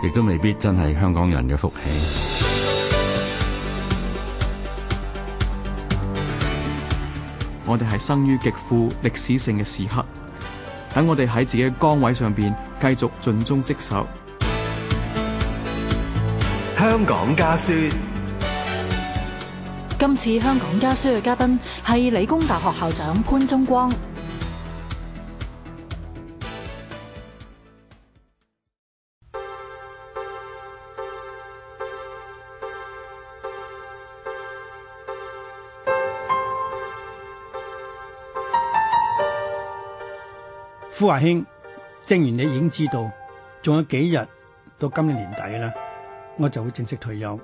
亦都未必真係香港人嘅福氣。我哋係生於極富歷史性嘅時刻，等我哋喺自己嘅崗位上邊繼續盡忠職守。香港家書，今次香港家書嘅嘉賓係理工大學校長潘宗光。傅華兄，正如你已經知道，仲有幾日到今年年底啦，我就會正式退休，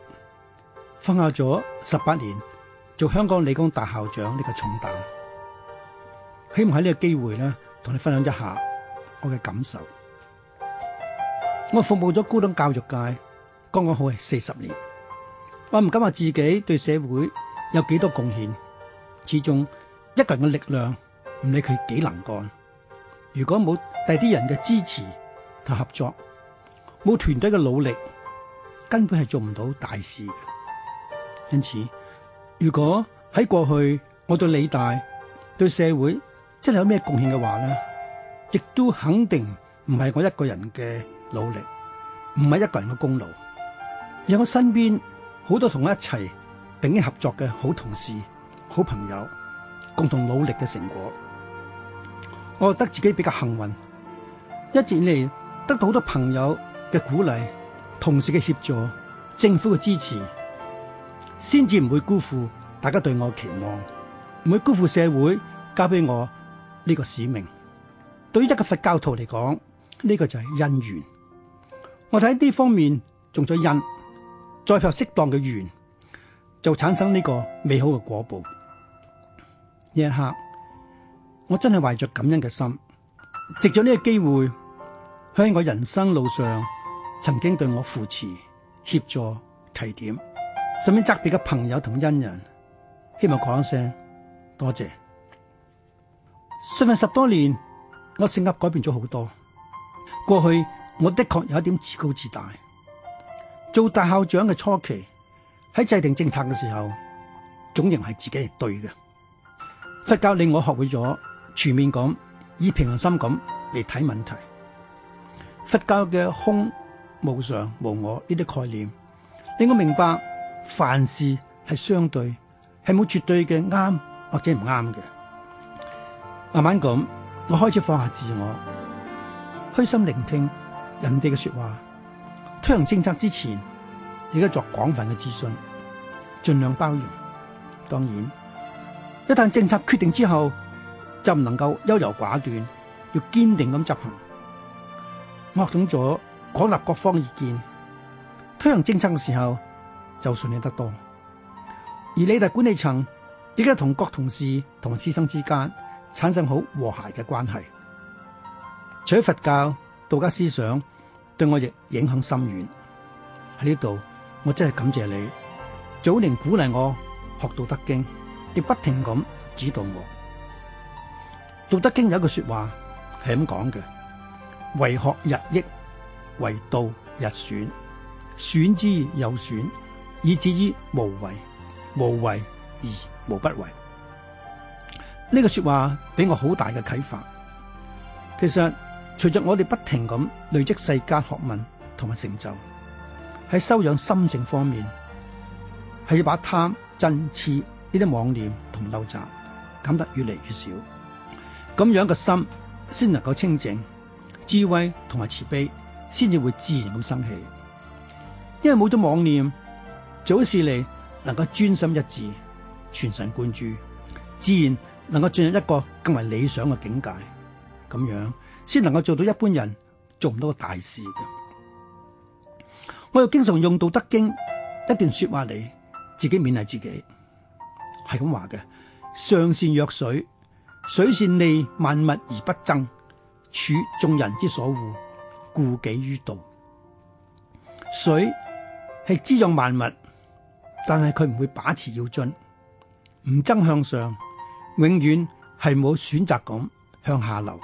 分校咗十八年做香港理工大校長呢個重擔，希望喺呢個機會呢同你分享一下我嘅感受。我服務咗高等教育界，剛剛好係四十年。我唔敢話自己對社會有幾多貢獻，始終一個人嘅力量，唔理佢幾能幹。如果冇第啲人嘅支持同合作，冇團隊嘅努力，根本係做唔到大事嘅。因此，如果喺過去我對理大、對社會真係有咩貢獻嘅話咧，亦都肯定唔係我一個人嘅努力，唔係一個人嘅功勞，而我身邊好多同我一齊並肩合作嘅好同事、好朋友，共同努力嘅成果。我覺得自己比較幸運，一直以嚟得到好多朋友嘅鼓勵、同事嘅協助、政府嘅支持，先至唔會辜負大家對我期望，唔會辜負社會交俾我呢個使命。對於一個佛教徒嚟講，呢個就係因緣。我喺呢方面種咗因，再配合適當嘅緣，就產生呢個美好嘅果報。一刻。我真係懷着感恩嘅心，藉咗呢個機會，喺我人生路上曾經對我扶持、協助、提點，甚至特別嘅朋友同恩人，希望講一聲多謝。信佛十多年，我性格改變咗好多。過去我的確有一點自高自大。做大校長嘅初期，喺制定政策嘅時候，總認為自己係對嘅。佛教令我學會咗。全面咁，以平常心咁嚟睇問題。佛教嘅「空」、「無常」、「無我」呢啲概念，令我明白凡事係相對，係冇絕對嘅啱或者唔啱嘅。慢慢咁，我開始放下自我，虛心聆聽人哋嘅說話。推行政策之前，而家作廣泛嘅諮詢，盡量包容。當然，一旦政策決定之後，就唔能夠優柔寡斷，要堅定咁執行。我學懂咗廣納各方意見，推行政策嘅時候就順利得多。而你哋管理層亦都同各同事同師生之間產生好和諧嘅關係。除咗佛教，道家思想對我亦影響深遠，喺呢度我真係感謝你早年鼓勵我學《道德經》，亦不停咁指導我。《道德經》有一句說話係咁講嘅：為學日益，為道日損，損之又損，以至於無為。無為而無不為。呢、這個說話俾我好大嘅啟發。其實，隨着我哋不停咁累積世間學問同埋成就，喺修養心性方面，係要把貪、嗔、痴呢啲妄念同陋習減得越嚟越少。咁樣嘅心先能夠清靜，智慧同埋慈悲，先至會自然咁生起。因為冇咗妄念，做好事嚟，能夠專心一致、全神貫注，自然能夠進入一個更為理想嘅境界。咁樣先能夠做到一般人做唔到嘅大事嘅。我又經常用《道德經》一段說話嚟，自己勉勵自己，係咁話嘅：上善若水。水善利萬物而不爭，處眾人之所惡，故幾於道。水，係滋養萬物，但係佢唔會把持要進，唔爭向上，永遠係冇選擇咁向下流，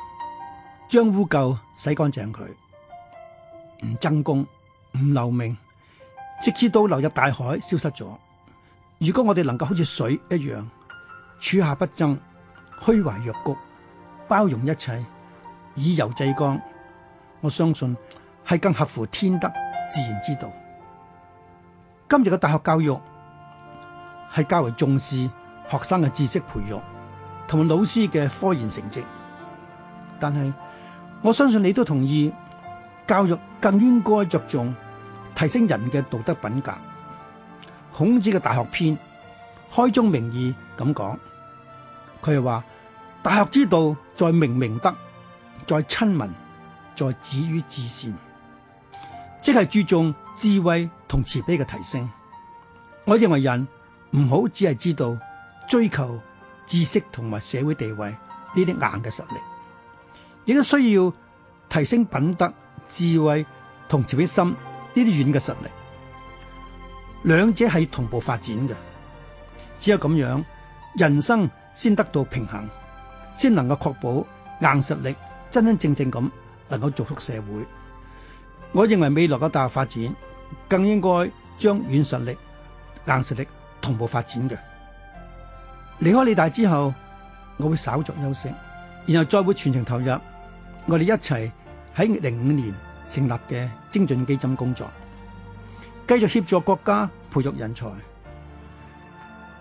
將污垢洗乾淨佢，唔爭功，唔留名，直至都流入大海消失咗。如果我哋能夠好似水一樣，處下不爭，虛懷若谷，包容一切，以柔制剛，我相信係更合乎天德自然之道。今日嘅大學教育係較為重視學生嘅知識培育同埋老師嘅科研成績，但係我相信你都同意，教育更應該着重提升人嘅道德品格。孔子嘅《大學篇》開宗明義咁講。佢係話：大學之道，在明明德，在親民，在止於至善，即係注重智慧同慈悲嘅提升。我認為人唔好只係知道追求知識同埋社會地位呢啲硬嘅實力，亦都需要提升品德、智慧同慈悲心呢啲軟嘅實力。兩者係同步發展嘅，只有咁樣，人生先得到平衡，先能夠確保硬實力真真正正咁能夠造福社會。我認為未來嘅大學發展更應該將軟實力、硬實力同步發展嘅。離開理大之後，我會稍作休息，然後再會全程投入我哋一齊喺零五年成立嘅精準基金工作，繼續協助國家培育人才。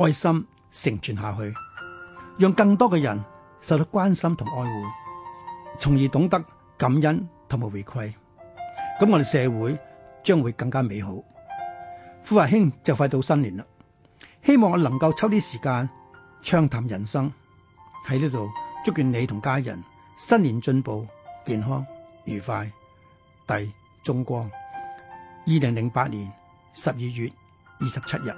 愛心成傳下去，讓更多嘅人受到關心同愛護，從而懂得感恩同埋回饋。咁我哋社會將會更加美好。傅華兄，就快到新年啦，希望我能夠抽啲時間暢談人生。喺呢度祝願你同家人新年進步、健康、愉快、第中光。二零零八年十二月二十七日。